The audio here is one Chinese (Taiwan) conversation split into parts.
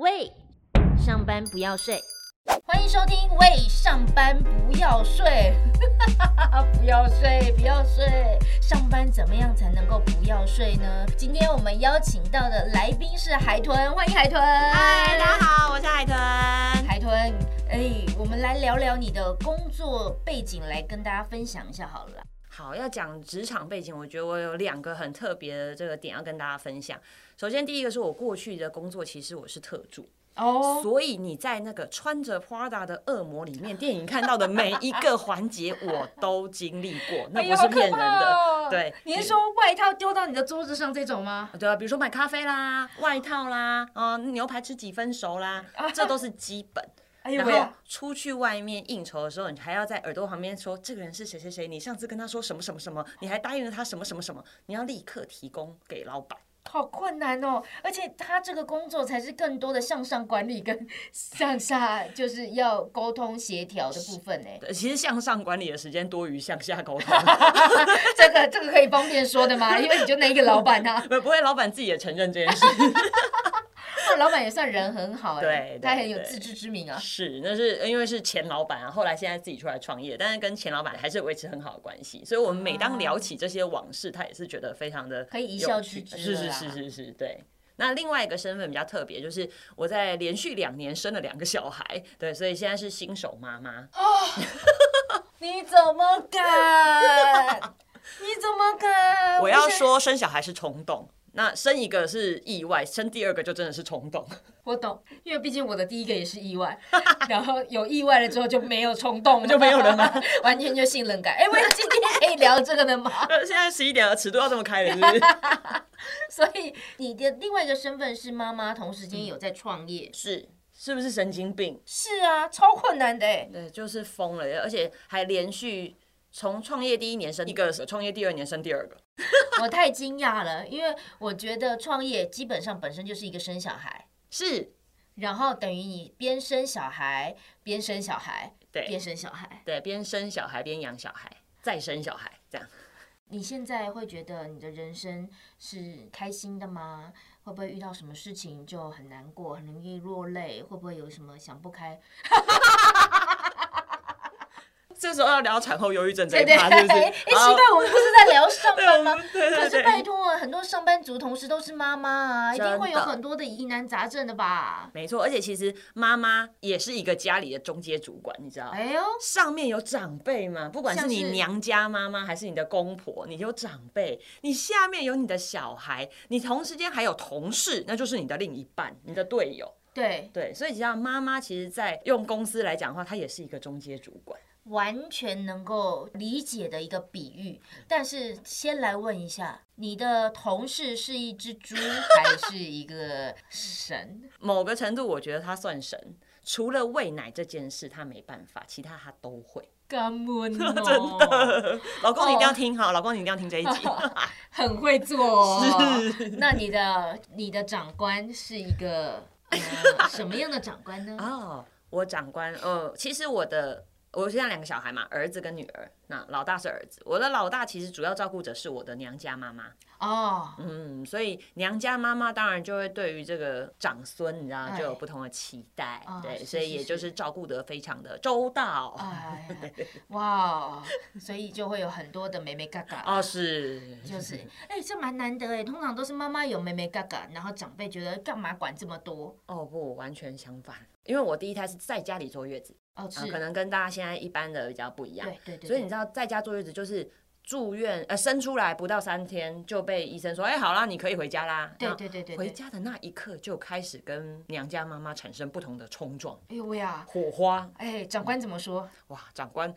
喂，上班不要睡，歡迎收聽。喂，上班不要睡， 不要睡，不要睡，上班怎麼樣才能夠不要睡呢？今天我們邀請到的來賓是海豚，歡迎海豚。嗨，大家好，我是海豚。海豚，哎、欸，我們來聊聊你的工作背景，來跟大家分享一下好了。好，要講職場背景，我覺得我有兩個很特別的這個點要跟大家分享。首先，第一個是我過去的工作，其實我是特助哦，oh. 所以你在那個穿着普拉達的惡魔裡面， 電影看到的每一個環節，我都經歷過， 那不是騙人的。哎哦，對，你是說外套丟到你的桌子上這種嗎？對啊，比如說買咖啡啦，外套啦，嗯，牛排吃幾分熟啦， 這都是基本。哎呦，然後出去外面應酬的時候，你還要在耳朵旁邊說這個人是誰誰誰，你上次跟他說什麼什麼什麼，你還答應了他什麼什麼什麼，你要立刻提供給老闆。好困難哦，而且他這個工作才是更多的向上管理跟向下就是要溝通協調的部分呢。其實向上管理的時間多於向下溝通，這個這個可以方便說的嗎？ 因為你就那一個老闆啊，不不會，老闆自己也承認這件事。 那、哦、老闆也算人很好。欸，哎對對對，他很有自知之明啊。是，那是因為是前老闆啊，後來現在自己出來創業，但是跟前老闆還是維持很好的關係。所以，我們每當聊起這些往事，啊、他也是覺得非常的有趣，可以一笑置之。是是是是是，對。那另外一個身份比較特別，就是我在連續兩年生了兩個小孩，對，所以現在是新手媽媽。哦， 你怎麼敢？ 你怎麼敢？我要說生小孩是衝動。那生一個是意外，生第二個就真的是衝動。我懂，因為畢竟我的第一個也是意外， 然後有意外了之後就沒有衝動了， 就沒有了嘛， 完全就性冷感。哎、欸，為什麼今天可以聊這個呢嗎？ 現在十一點了，尺度要這麼開了是不是？ 所以你的另外一個身份是媽媽，同時間有在創業。是，是不是神經病？是啊，超困難的哎、欸。對，就是瘋了，而且還連續從創業第一年生一個，創業第二年生第二個。 我太驚訝了，因為我覺得創業基本上本身就是一個生小孩，是，然後等於你邊生小孩，邊生小孩，對，小孩對，邊生小孩，對，邊生小孩，邊養小孩，再生小孩，這樣。你現在會覺得你的人生是開心的嗎？會不會遇到什麼事情就很難過，很容易落淚？會不會有什麼想不開？ 這時候要聊產後憂鬱症這一塊，對對對。哎，奇怪、欸，好欸、我們不是在聊上班嗎？ 對對對對，可是拜托、啊，很多上班族同事都是媽媽啊，的一定會有很多的疑難雜症的吧？沒錯，而且其實媽媽也是一個家裡的中階主管，你知道？哎呦，上面有長輩嘛，不管是你娘家媽媽還是你的公婆，是你有長輩，你下面有你的小孩，你同時間還有同事，那就是你的另一半，你的隊友。對對，所以你知道，媽媽其實，在用公司來講的話，她也是一個中階主管。完全能夠理解的一個比喻，但是先來問一下，你的同事是一只豬還是一個神？某個程度，我覺得他算神，除了餵奶這件事他沒辦法，其他他都會。Come on. 真的，老公你一定要聽好，oh. 老公你一定要聽這一集， 很會做哦。是那你的你的長官是一個、呃、什麼樣的長官呢？哦，oh, 我長官呃，其實我的。我現在兩個小孩嘛，兒子跟女兒。那老大是兒子，我的老大其實主要照顧者是我的娘家媽媽哦。Oh. 嗯，所以娘家媽媽當然就會對於這個長孫，你知道唉就有不同的期待，oh, 對，是是是，所以也就是照顧得非常的周到。哇，所以就會有很多的眉眉角角。哦，oh, 是。就是，哎、欸，這蠻難得哎，通常都是媽媽有眉眉角角，然後長輩覺得幹嘛管這麼多？哦，oh, 不，我完全相反，因為我第一胎是在家裡坐月子。哦，可能跟大家現在一般的比較不一樣，對對對，對對對，所以你知道在家坐月子就是住院，呃，生出來不到三天就被醫生說，哎、欸，好啦，你可以回家啦。對對對對，回家的那一刻就開始跟娘家媽媽產生不同的衝撞，哎呦喂啊，火花，哎、欸，長官怎麼說？哇，長官。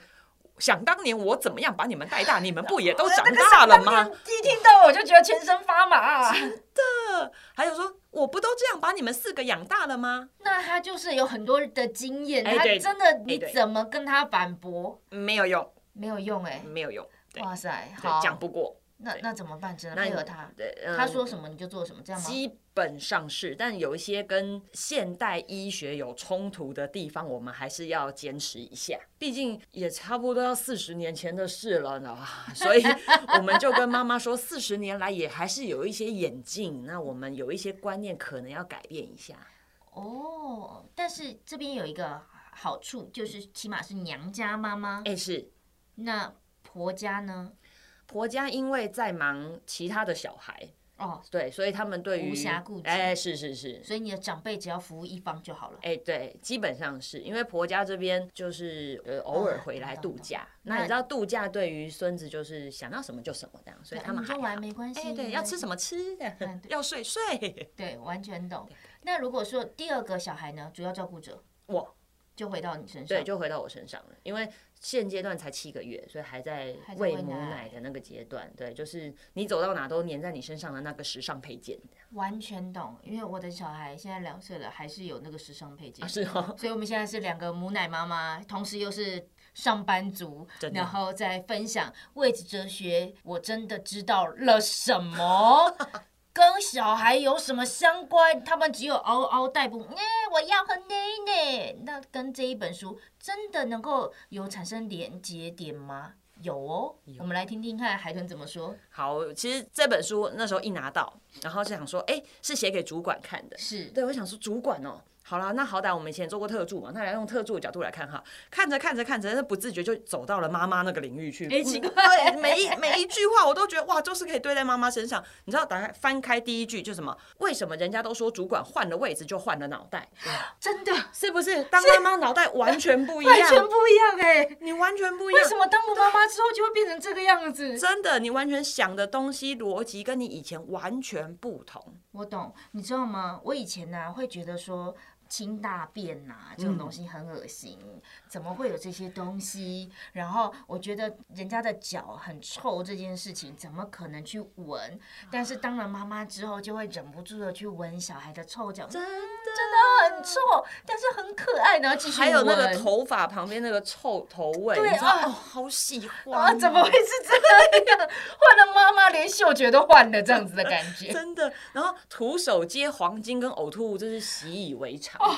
想當年我怎麼樣把你們帶大，你們不也都長大了嗎？ 一聽到我就覺得全身發麻啊。 真的，還有說我不都這樣把你們四個養大了嗎？那他就是有很多的經驗，欸、對他真的、欸、對你怎麼跟他反駁沒有用？沒有用哎，沒有用。對，哇塞，好，對，講不過。那那怎麼辦？只能配合他，那他說什麼你就做什麼，這樣嗎？基本上是，但有一些跟現代醫學有衝突的地方，我們還是要堅持一下。畢竟也差不多要四十年前的事了呢， 所以我們就跟媽媽說，四十年來也還是有一些演進。那我們有一些觀念可能要改變一下。哦，但是這邊有一個好處，就是起碼是娘家媽媽。哎、欸，是。那婆家呢？婆家因為在忙其他的小孩哦，對，所以他們對於無暇顧及，哎、欸，是是是，所以你的長輩只要服務一方就好了，哎、欸，對，基本上是因為婆家這邊就是、呃、偶爾回來度假，哦啊啊啊啊、那你知道度假對於孫子就是想要什麼就什麼這樣，嗯、所以他們玩沒關係、欸，對，要吃什麼吃的、啊，啊、要睡睡，對，完全懂。那如果說第二個小孩呢，主要照顧者我就回到你身上，對，就回到我身上了，因為。現階段才七個月，所以還在餵母奶的那個階段。對，就是你走到哪都粘在你身上的那個時尚配件。完全懂，因為我的小孩現在兩歲了，還是有那個時尚配件。啊，是哦？所以我們現在是兩個母奶媽媽，同時又是上班族，的然後在分享位置哲學。我真的知道了什麼。 跟小孩有什麼相關？他們只有嗷嗷待哺。哎，我要喝奶奶。那跟這一本書真的能夠有產生連接點嗎？有哦。有。我們來聽聽看海豚怎麼說。好，其實這本書那時候一拿到，然後就想說，哎，是寫給主管看的。是。對，我想說主管哦。好啦，那好歹我們以前做過特助嘛，那來用特助的角度來看哈，看着看着看着，那不自覺就走到了媽媽那個領域去，欸、奇怪、嗯，每一每一句話我都覺得哇，就是可以堆在媽媽身上。你知道，打開翻開第一句就什麼？為什麼人家都說主管換了位置就換了腦袋？啊、真的，是不是？當媽媽腦袋完全不一樣，呃、完全不一樣哎，你完全不一樣。為什麼當我媽媽之後就會變成這個樣子？真的，你完全想的東西邏輯跟你以前完全不同。我懂，你知道嗎？我以前呢、啊、會覺得說。清大便吶、啊，這種東西很噁心，嗯、怎麼會有這些東西？然後我覺得人家的腳很臭，這件事情怎麼可能去聞？但是當了媽媽之後，就會忍不住的去聞小孩的臭腳。真。真的、啊、很臭，但是很可愛。然後還有那個頭髮旁邊那個臭頭味，對啊、哦、好喜歡啊，啊！怎麼會是這樣？換 了媽媽，連嗅覺都換了，這樣子的感覺。 真的。然後徒手接黃金跟嘔吐物，真是習以為常。哦、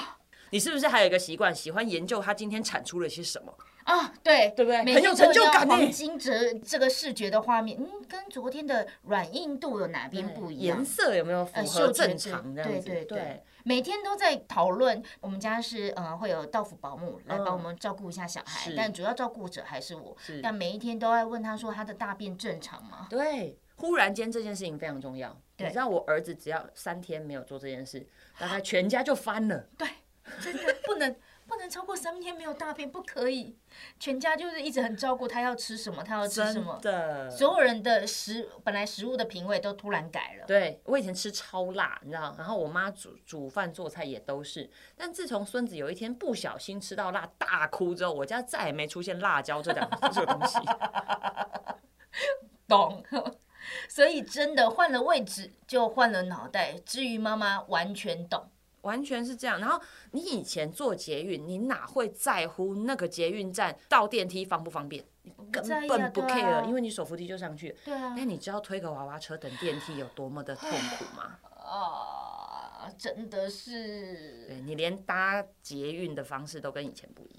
你是不是還有一個習慣，喜歡研究他今天產出了些什麼？啊，對對不對？很有成就感。黃金這個視覺的畫面，嗯，跟昨天的軟硬度有哪邊不一樣？顏色有沒有符合？就正常，對對對。每天都在討論，我們家是嗯，會有到府保姆來幫我們照顧一下小孩，但主要照顧者還是我。但每一天都在問他說他的大便正常嗎？對，忽然間這件事情非常重要。你知道我兒子只要三天沒有做這件事，然後他全家就翻了。對，真的不能。不能超過三天沒有大便，不可以。全家就是一直很照顧他，要吃什麼，他要吃什麼。對，真的，所有人的食本來食物的品味都突然改了。對，我以前吃超辣，你知道？然後我媽煮煮飯做菜也都是。但自從孫子有一天不小心吃到辣大哭之後，我家再也沒出現辣椒這兩、就是、這個東西。 懂。 所以真的換了位置就換了腦袋。至於媽媽，完全懂。完全是這樣，然後你以前坐捷運，你哪會在乎那個捷運站到電梯方不方便？根本不 care 了，因為你手扶梯就上去。對啊，那你知道推個娃娃車等電梯有多麼的痛苦嗎？啊，真的是。對，你連搭捷運的方式都跟以前不一樣。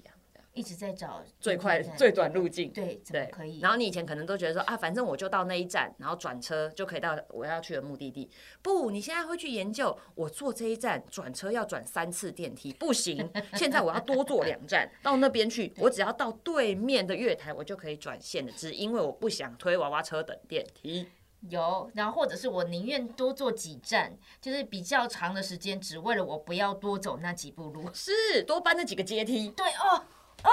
一直在找最快最短路徑，對對，對可以。然後你以前可能都覺得說啊，反正我就到那一站，然後轉車就可以到我要去的目的地。不，你現在會去研究，我坐這一站轉車要轉三次電梯， 不行。現在我要多坐兩站 到那邊去，對我只要到對面的月台，我就可以轉線的，只因為我不想推娃娃車等電梯。有，然後或者是我寧願多坐幾站，就是比較長的時間，只為了我不要多走那幾步路，是多搬那幾個階梯。對哦。哦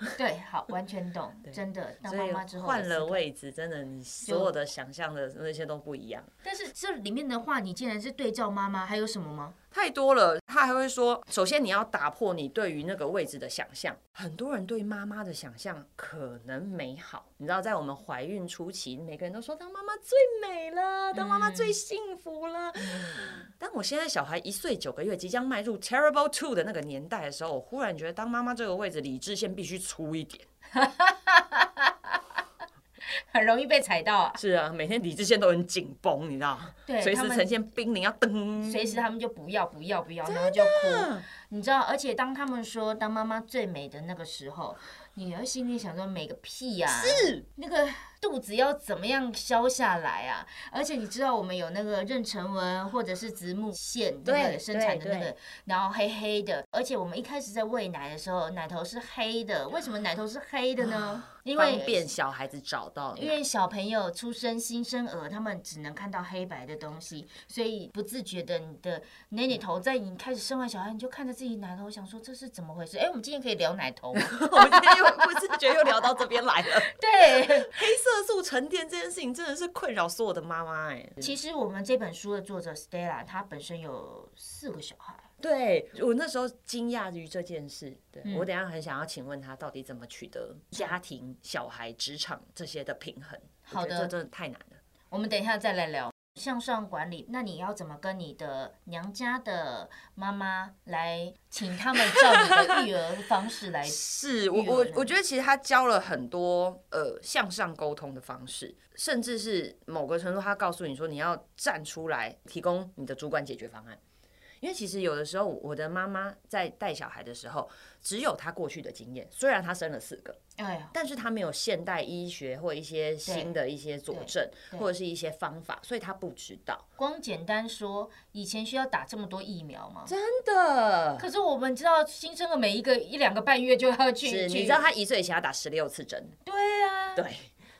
，oh、 對，好，完全懂，對真的。當媽媽之後，換了位置，真的，你所有的想象的那些都不一樣。但是這裡面的話，你竟然是對照媽媽，還有什麼嗎？太多了，他還會說：首先你要打破你對於那個位置的想象。很多人對媽媽的想象可能美好，你知道，在我們懷孕初期，每個人都說當媽媽最美了，當媽媽最幸福了。當、嗯嗯嗯、我現在小孩一歲九個月，即將邁入 terrible two 的那個年代的時候，我忽然覺得當媽媽這個位置，理智線必須粗一點。 很容易被踩到啊！是啊，每天理智線都很緊繃，你知道？對，隨時呈現瀕臨們要登，隨時他們就不要不要不要，不要的然後就哭，你知道？而且當他們說當媽媽最美的那個時候，女兒心裡想說美個屁啊！是那個。肚子要怎麼樣消下來啊？而且你知道我們有那個妊娠紋，或者是子母線，對，生產的那個，然後黑黑的。而且我們一開始在餵奶的時候，奶頭是黑的。為什麼奶頭是黑的呢？啊、因為方便小孩子找到。因為小朋友出生新生兒，他們只能看到黑白的東西，所以不自覺的你的奶奶頭在你開始生完小孩，你就看着自己奶頭，想說這是怎麼回事？哎、欸，我們今天可以聊奶頭嗎？ 我們今天又不自覺又聊到這邊來了。對，黑色。色素沉澱這件事情真的是困擾所有的媽媽哎。其實我們這本書的作者 Stella，她本身有四個小孩，對我那時候驚訝於這件事。對、嗯、我等一下很想要請問她到底怎麼取得家庭、小孩、職場這些的平衡。好的、嗯，這真的太難了。我們等一下再來聊。向上管理，那你要怎麼跟你的娘家的媽媽來請他們照你的育兒的方式來？ 是，我我我覺得其實他教了很多呃向上溝通的方式，甚至是某個程度他告訴你說，你要站出來提供你的主管解決方案。因為其實有的時候，我的媽媽在帶小孩的時候，只有她過去的經驗。雖然她生了四個，哎呦，但是她沒有現代醫學或一些新的一些佐證，或者是一些方法，所以她不知道。光簡單說，以前需要打這麼多疫苗嗎？真的。可是我們知道，新生的每一個一兩個半月就要去，是你知道她一歲以前要打十六次針。對啊，對，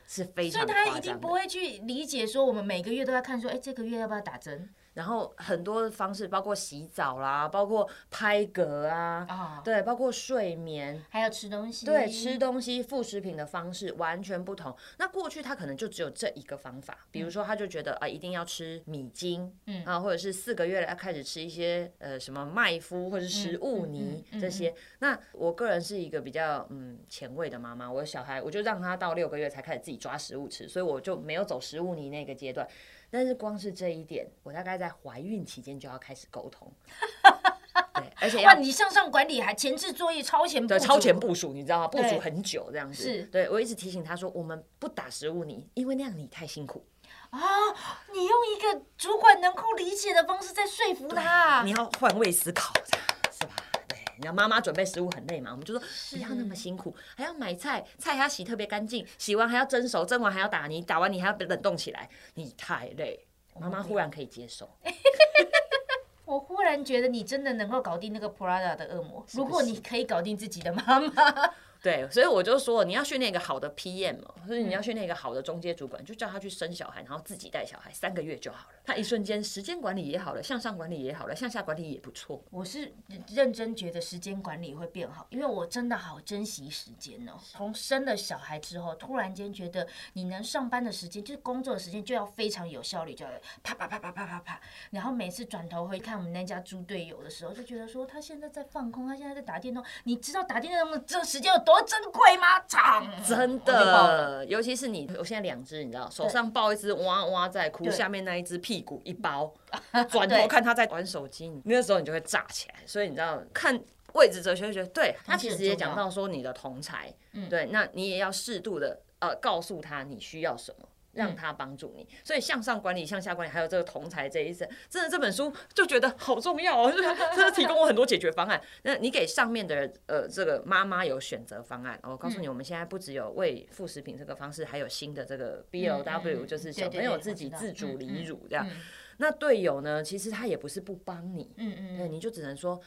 是非常的。所以她已經不會去理解說，我們每個月都要看說，哎，這個月要不要打針？然後很多的方式，包括洗澡啦，包括拍嗝啊，oh, 對，包括睡眠，還有吃東西，對，吃東西副食品的方式完全不同。那過去他可能就只有這一個方法，比如說他就覺得、嗯、啊，一定要吃米精，嗯啊，或者是四個月了要開始吃一些呃什麼麥麩或者食物泥、嗯、這些。嗯嗯、那我個人是一個比較嗯前衛的媽媽，我小孩我就讓他到六個月才開始自己抓食物吃，所以我就沒有走食物泥那個階段。但是光是這一點，我大概在懷孕期間就要開始溝通， 對，而且哇，你向上管理還前置作業超前，的超前部署，對你知道嗎？部署很久這樣子，對對是，對，我一直提醒他說，我們不打食物你，你因為那樣你太辛苦啊，你用一個主管能夠理解的方式在說服他，你要換位思考。你知道媽媽準備食物很累嘛？我們就說不要那麼辛苦，還要買菜，菜還要洗特別乾淨，洗完還要蒸熟，蒸完還要打泥，打完你還要冷凍起來，你太累。媽媽忽然可以接受， 我忽然覺得你真的能夠搞定那個 Prada 的惡魔，如果你可以搞定自己的媽媽。 對，所以我就說，你要訓練一個好的 PM，所以你要訓練一個好的中階主管，嗯、就叫他去生小孩，然後自己帶小孩，三個月就好了。他一瞬間時間管理也好了，向上管理也好了，向下管理也不錯。我是認真覺得時間管理會變好，因為我真的好珍惜時間哦。從生了小孩之後，突然間覺得你能上班的時間就是工作的時間，就要非常有效率，就要啪啪啪啪啪啪啪啪。然後每次轉頭回看我們那家豬隊友的時候，就覺得說他現在在放空，他現在在打電動。你知道打電動的這時間有多、哦、珍貴嗎？長真的，尤其是你，我現在兩隻，你知道，手上抱一隻哇哇在哭，下面那一隻屁股一包，轉對頭看他在玩手機， 對那時候你就會炸起來。所以你知道，看位置哲學，覺得對他其實也講到說你的同才。對，那你也要適度的呃告訴他你需要什麼。讓他幫助你，所以向上管理、向下管理，還有這個同儕這一次真的這本書就覺得好重要哦， 他就是提供我很多解決方案。那你給上面的呃，這個媽媽有選擇方案。我告訴你，嗯、我們現在不只有餵副食品這個方式，還有新的這個 BLW、嗯、就是小朋友自己自主離乳這樣。對對對，那隊友呢，其實他也不是不幫你，嗯嗯嗯，你就只能說，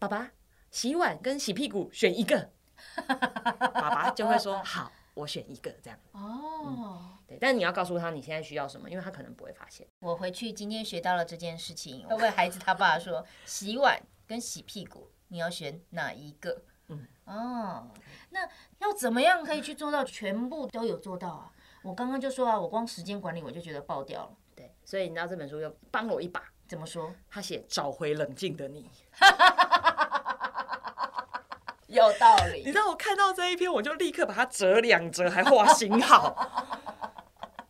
爸爸洗碗跟洗屁股選一個， 爸爸就會說好。我選一個這樣哦、嗯，對，但你要告訴他你現在需要什麼，因為他可能不會發現。我回去今天學到了這件事情，我問孩子他爸說 洗碗跟洗屁股，你要選哪一個？嗯，哦，那要怎麼樣可以去做到全部都有做到啊？我剛剛就說啊，我光時間管理我就覺得爆掉了。對，所以你知道這本書又幫我一把，怎麼說？他寫找回冷靜的你。 有道理。 你知道我看到這一篇，我就立刻把它折兩折，還畫星號。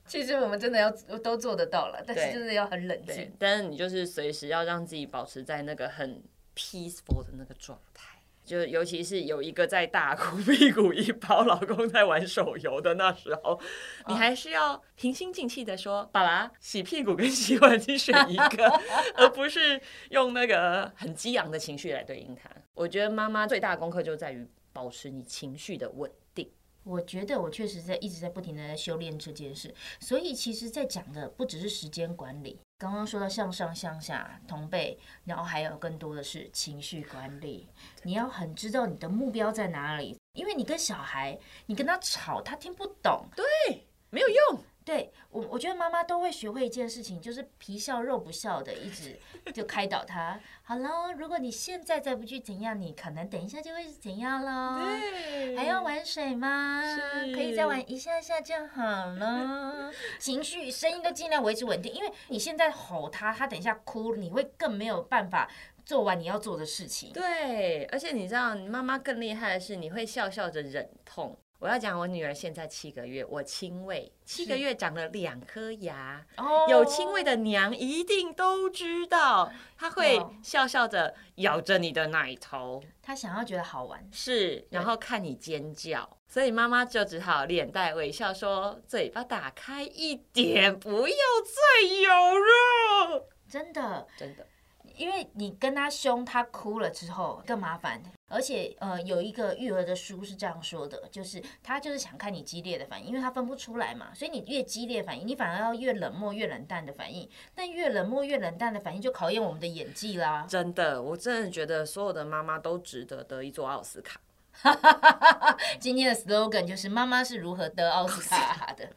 其實我們真的要都做得到了，但是就是要很冷靜。但是你就是隨時要讓自己保持在那個很 peaceful 的那個狀態，就尤其是有一個在大哭屁股一包，老公在玩手遊的那時候，oh。你還是要平心靜氣的說：“爸爸，洗屁股跟洗碗機選一個， 而不是用那個很激昂的情緒來對應他。”我覺得媽媽最大的功課就在於保持你情緒的穩定。我覺得我確實在一直在不停地在修煉這件事，所以其實，在講的不只是時間管理，剛剛說到向上、向下、同輩，然後還有更多的是情緒管理。對。你要很知道你的目標在哪裡，因為你跟小孩，你跟他吵，他聽不懂，對，沒有用。對我，我覺得媽媽都會學會一件事情，就是皮笑肉不笑的，一直就開導他。好嘍，如果你現在再不去怎樣，你可能等一下就會怎樣嘍。對還要玩水嗎？是可以再玩一下下就好了。情緒、聲音都盡量維持穩定，因為你現在吼他，他等一下哭，你會更沒有辦法做完你要做的事情。對，而且你知道，媽媽更厲害的是，你會笑笑着忍痛。我要講我女兒現在七個月，我親餵，七個月長了兩顆牙。哦是，有親餵的娘一定都知道，她會笑笑着咬着你的奶頭，她想要覺得好玩。是，然後看你尖叫，對所以媽媽就只好臉帶微笑說：“嘴巴打開一點，不要再咬了。”真的，真的，因為你跟她凶，她哭了之後更麻煩。而且，呃，有一個育兒的書是這樣說的，就是他就是想看你激烈的反應，因為他分不出來嘛，所以你越激烈反應，你反而要越冷漠、越冷淡的反應。但越冷漠、越冷淡的反應，就考驗我們的演技啦。真的，我真的覺得所有的媽媽都值得得一座奧斯卡。 今天的 slogan 就是媽媽是如何得奧斯卡的。奧斯卡，對。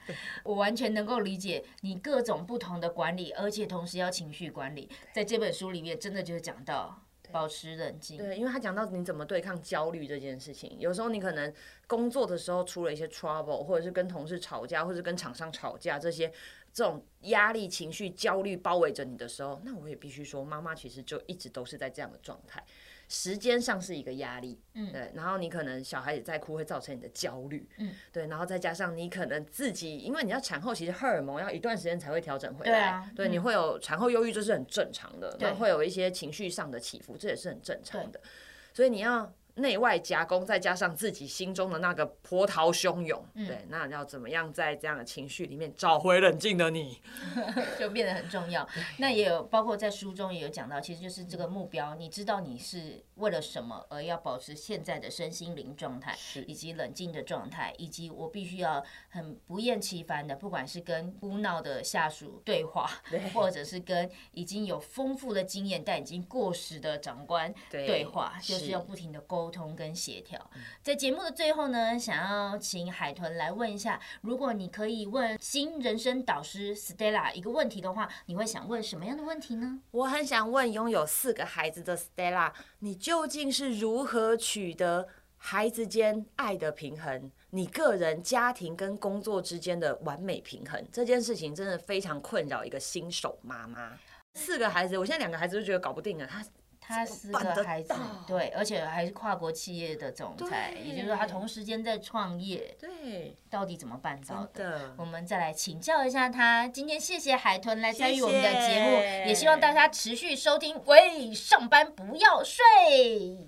我完全能夠理解你各種不同的管理，而且同時要情緒管理，在這本書裡面真的就是講到。保持冷靜。對，因為他講到你怎麼對抗焦慮這件事情，有時候你可能工作的時候出了一些 trouble，或者是跟同事吵架，或者是跟廠商吵架，這些這種壓力、情緒、焦慮包圍着你的時候，那我也必須說，媽媽其實就一直都是在這樣的狀態。時間上是一個壓力，嗯，對。然後你可能小孩子在哭會造成你的焦慮，嗯，對。然後再加上你可能自己，因為你要產後其實荷爾蒙要一段時間才會調整回來，對啊、對，嗯、你會有產後憂鬱，這是很正常的，對，會有一些情緒上的起伏，這也是很正常的。對。所以你要。內外夾攻，再加上自己心中的那個波濤洶湧，嗯、對，那要怎麼樣在這樣的情緒裡面找回冷靜的你， 就變得很重要。那也有包括在書中也有講到，其實就是這個目標，你知道你是為了什麼而要保持現在的身心靈狀態，是以及冷靜的狀態，以及我必須要很不厭其煩的，不管是跟哭鬧的下屬對話，對，或者是跟已經有豐富的經驗但已經過時的長官對話，對，就是要不停的溝。溝通跟協調，在節目的最後呢，想要請海豚來問一下，如果你可以問星人生導師 Stella 一個問題的話，你會想問什麼樣的問題呢？我很想問擁有四個孩子的 Stella，你究竟是如何取得孩子間愛的平衡，你個人、家庭跟工作之間的完美平衡？這件事情真的非常困擾一個新手媽媽。四個孩子，我現在兩個孩子都覺得搞不定了，他。他四個孩子，對，而且還是跨國企業的總裁，對也就是說他同時間在創業，對，到底怎麼辦到的？的我們再來請教一下他。今天謝謝海豚來參與我們的節目，謝謝，也希望大家持續收聽。喂，上班不要睡！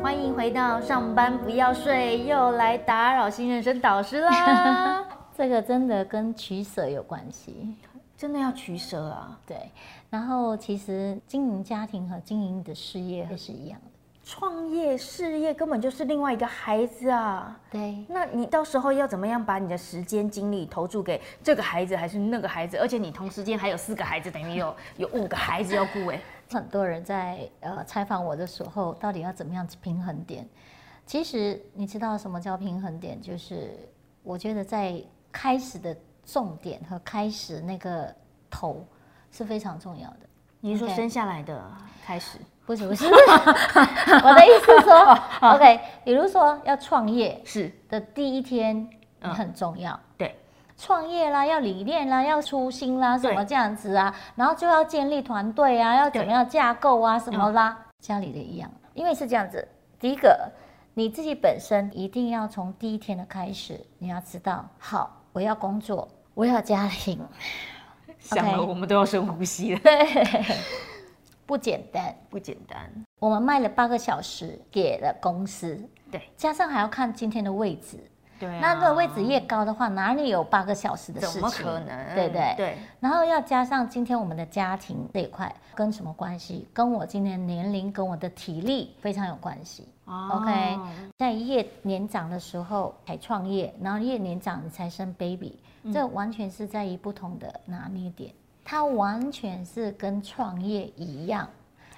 歡迎回到上班不要睡，又來打擾星人生導師啦。 這個真的跟取捨有關係。真的要取捨啊！對，然後其實經營家庭和經營你的事業也是一樣的。創業事業根本就是另外一個孩子啊！對，那你到時候要怎麼樣把你的時間精力投注給這個孩子還是那個孩子？而且你同時間還有四個孩子，等於有有五個孩子要顧哎。很多人在呃採訪我的時候，到底要怎麼樣平衡點？其實你知道什麼叫平衡點？就是我覺得在開始的。重點和開始那個頭是非常重要的。你是說生下來的開始？Okay? 不是不是？ 我的意思是說，OK，比如說要創業是的第一天很重要。嗯、對，創業啦，要理念啦，要初心啦，什麼這樣子啊？對然後就要建立團隊啊，要怎麼樣架構啊，對什麼啦？嗯、家裡的一樣，因為是這樣子。第一個，你自己本身一定要從第一天的開始，你要知道，好，我要工作。我要家庭，okay。想了，我們都要深呼吸了， 不簡單，不簡單。我們賣了八個小時，給了公司，對，加上還要看今天的位置。對啊、那個位置越高的話，哪裡有八個小時的事情？怎麼可能？對不對？對。然後要加上今天我們的家庭這一塊，跟什麼關係？跟我今天年齡跟我的體力非常有關係。哦、OK，在越年長的時候才創業，然後越年長你才生 baby，這完全是在於不同的拿捏點。嗯、它完全是跟創業一樣，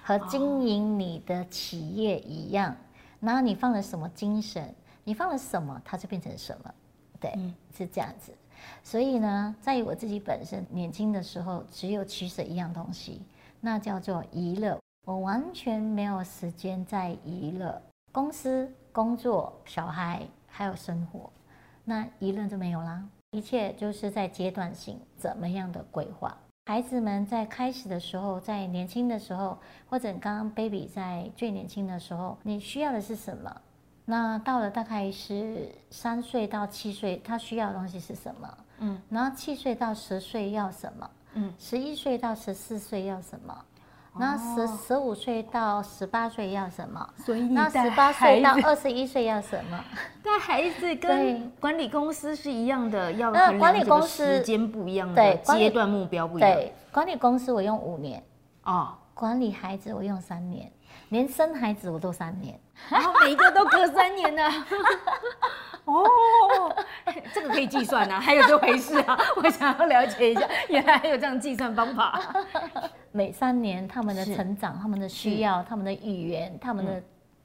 和經營你的企業一樣。哦、然後你放了什麼精神？你放了什麼，它就變成什麼，對，是這樣子。嗯。所以呢，在於我自己本身年輕的時候，只有取捨一樣東西，那叫做娛樂。我完全沒有時間在娛樂，公司、工作、小孩還有生活，那娛樂就沒有啦。一切就是在階段性怎麼樣的規劃。孩子們在開始的時候，在年輕的時候，或者剛剛 baby 在最年輕的時候，你需要的是什麼？那到了大概是三歲到七歲，他需要的東西是什麼？嗯，然後七歲到十歲要什麼？嗯，十一歲到十四歲要什麼？嗯、然後十十五歲到十八歲要什麼？那十八歲到二十一歲要什麼？帶孩子跟管理公司是一樣的，對要，那管理公司時間不一樣，對，階段目標不一樣。對，管理，對管理公司我用五年哦，管理孩子我用三年。連生孩子我都三年， 然後每一個都隔三年呢。 哦，這個可以計算啊。還有這回事啊？我想要了解一下，原來還有這樣計算方法。每三年他們的成長、是他們的需要、是他們的語言、他們的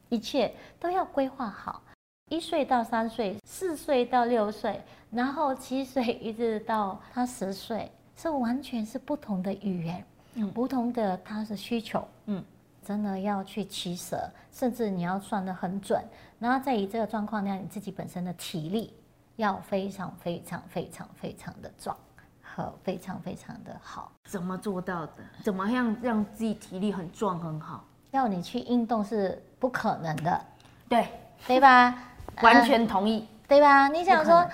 一切都要規劃好。嗯、一歲到三歲，四歲到六歲，然後七歲一直到他十歲，是完全是不同的語言，嗯、不同的他的需求。嗯。真的要去取捨，甚至你要算得很準，然後再以這個狀況，那你自己本身的體力要非常非常非常非常的壯和非常非常的好，怎麼做到的？怎麼樣讓自己體力很壯很好？要你去運動是不可能的，對，對吧？ 完全同意、啊，對吧？你想說啊，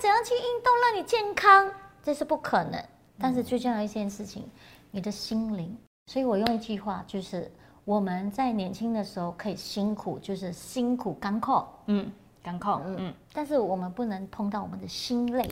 怎樣去運動讓你健康？這是不可能。但是最重要一件事情，嗯、你的心靈。所以我用一句話就是。我們在年輕的時候可以辛苦，就是辛苦干扣，嗯，干扣，嗯嗯。但是我們不能碰到我們的心累，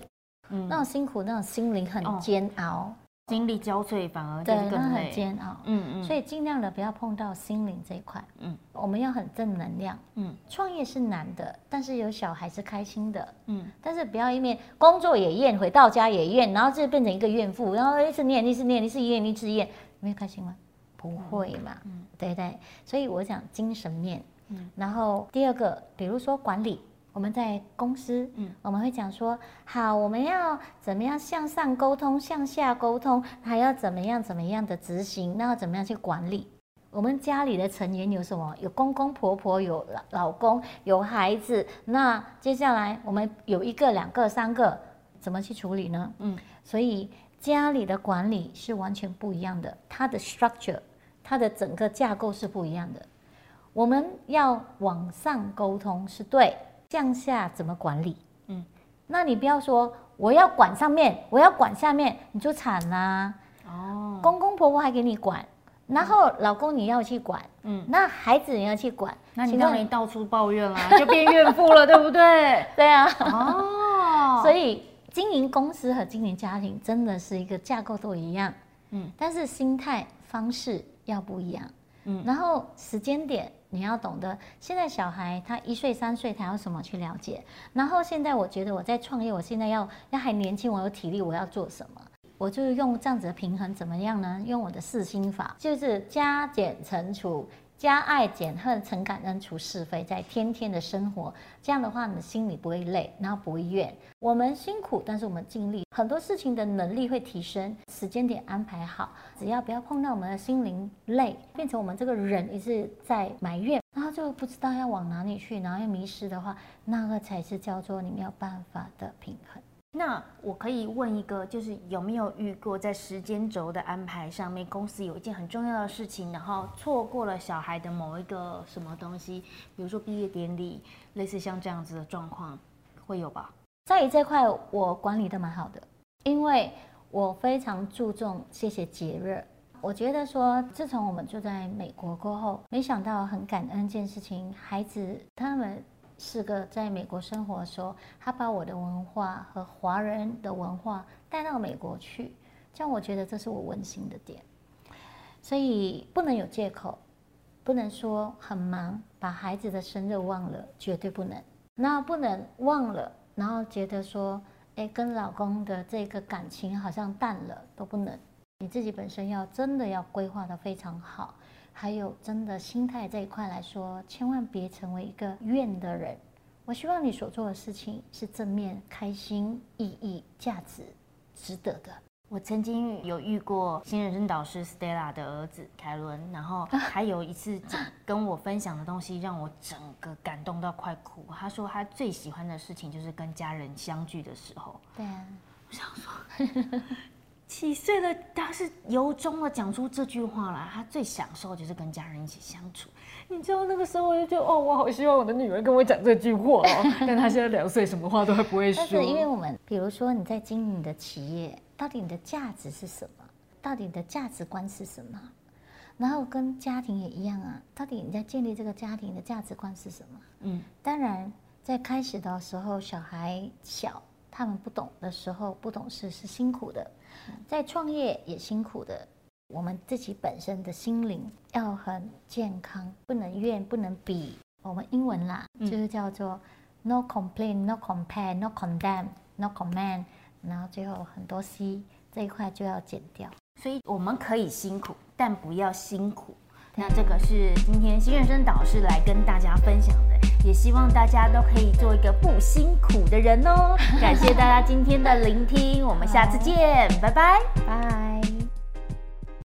嗯、那種辛苦，那種心靈很煎熬，哦、心力交瘁，反而就更，對，那很煎熬，嗯嗯。嗯，所以盡量的不要碰到心靈這一塊，嗯，我們要很正能量，嗯。創業是難的，但是有小孩是開心的，嗯。但是不要因為工作也怨，回到家也怨，然後就變成一個怨婦，然後一次念一次念一次怨一次怨，次有沒有開心嗎？不會嘛？嗯，嗯對對，所以我講精神面。嗯，然後第二個，比如說管理，我們在公司，嗯，我們會講說，好，我們要怎麼樣向上溝通，向下溝通，還要怎麼樣怎麼樣的執行，那要怎麼樣去管理。我們家裡的成員有什麼？有公公婆婆，有老公，有孩子。那接下來我們有一個、兩個、三個，怎麼去處理呢？嗯，所以家裡的管理是完全不一樣的，它的 structure。它的整個架構是不一樣的。我們要往上溝通是對，向下怎麼管理？嗯，那你不要說我要管上面，我要管下面，你就慘啦。哦，公公婆婆還給你管，然後老公你要去管，嗯，嗯，那孩子你要去管，嗯、情況 那你等於到處抱怨啦、啊，就變怨婦了， 對不對？對啊。哦，所以經營公司和經營家庭真的是一個架構都一樣，嗯，但是心態方式。要不一樣，嗯，然後時間點你要懂得。現在小孩他一歲三歲，他要什麼去了解？然後現在我覺得我在創業，我現在要，要還年輕，我有體力，我要做什麼？我就是用這樣子的平衡怎麼樣呢？用我的四心法，就是加減乘除。加愛減恨，乘感恩，除是非，在天天的生活，這樣的話，你的心裡不會累，然後不會怨。我們辛苦，但是我們盡力，很多事情的能力會提升，時間點安排好，只要不要碰到我們的心靈累，變成我們這個人一直在埋怨，然後就不知道要往哪裡去，然後又迷失的話，那個才是叫做你沒有辦法的平衡。那我可以問一個，就是有沒有遇過在時間軸的安排上面，公司有一件很重要的事情，然後錯過了小孩的某一個什麼東西，比如說畢業典禮，類似像這樣子的狀況，會有吧？在這一塊，我管理的蠻好的，因為我非常注重謝謝節日。我覺得說，自從我們住在美國過後，沒想到很感恩這件事情，孩子他們。四個在美國生活的時候，他把我的文化和華人的文化帶到美國去，這樣我覺得這是我溫馨的點。所以不能有借口，不能說很忙把孩子的生日忘了，絕對不能。那不能忘了，然後覺得說，哎，跟老公的這個感情好像淡了，都不能。你自己本身要真的要規劃得非常好。還有，真的心態這一塊來說，千萬別成為一個怨的人。我希望你所做的事情是正面、開心、意義、價值、值得的。我曾經有遇過星人生導師 Stella 的兒子凱倫，然後還有一次跟我分享的東西，讓我整個感動到快哭。他說他最喜歡的事情就是跟家人相聚的時候。對啊，我想說。 幾歲了？他是由衷的講出這句話了。他最享受的就是跟家人一起相處。你知道那個時候我就覺得哦，我好希望我的女兒跟我講這句話哦。 但他現在兩歲，什麼話都還不會說。 但是，因為我們比如說你在經營的企業，到底你的價值是什麼？到底你的價值觀是什麼？然後跟家庭也一樣啊，到底你在建立這個家庭的價值觀是什麼？嗯，當然在開始的時候，小孩小。他們不懂的時候，不懂事是辛苦的，在創業也辛苦的。我們自己本身的心靈要很健康，不能怨，不能比。我們英文啦，就是叫做、嗯、no complain, no compare, no condemn, no command，然後最後很多 C 這一塊就要減掉。所以我們可以辛苦，但不要辛苦。那這個是今天星人生導師來跟大家分享的。也希望大家都可以做一個不辛苦的人哦！感謝大家今天的聆聽， 我們下次見，好拜拜，拜。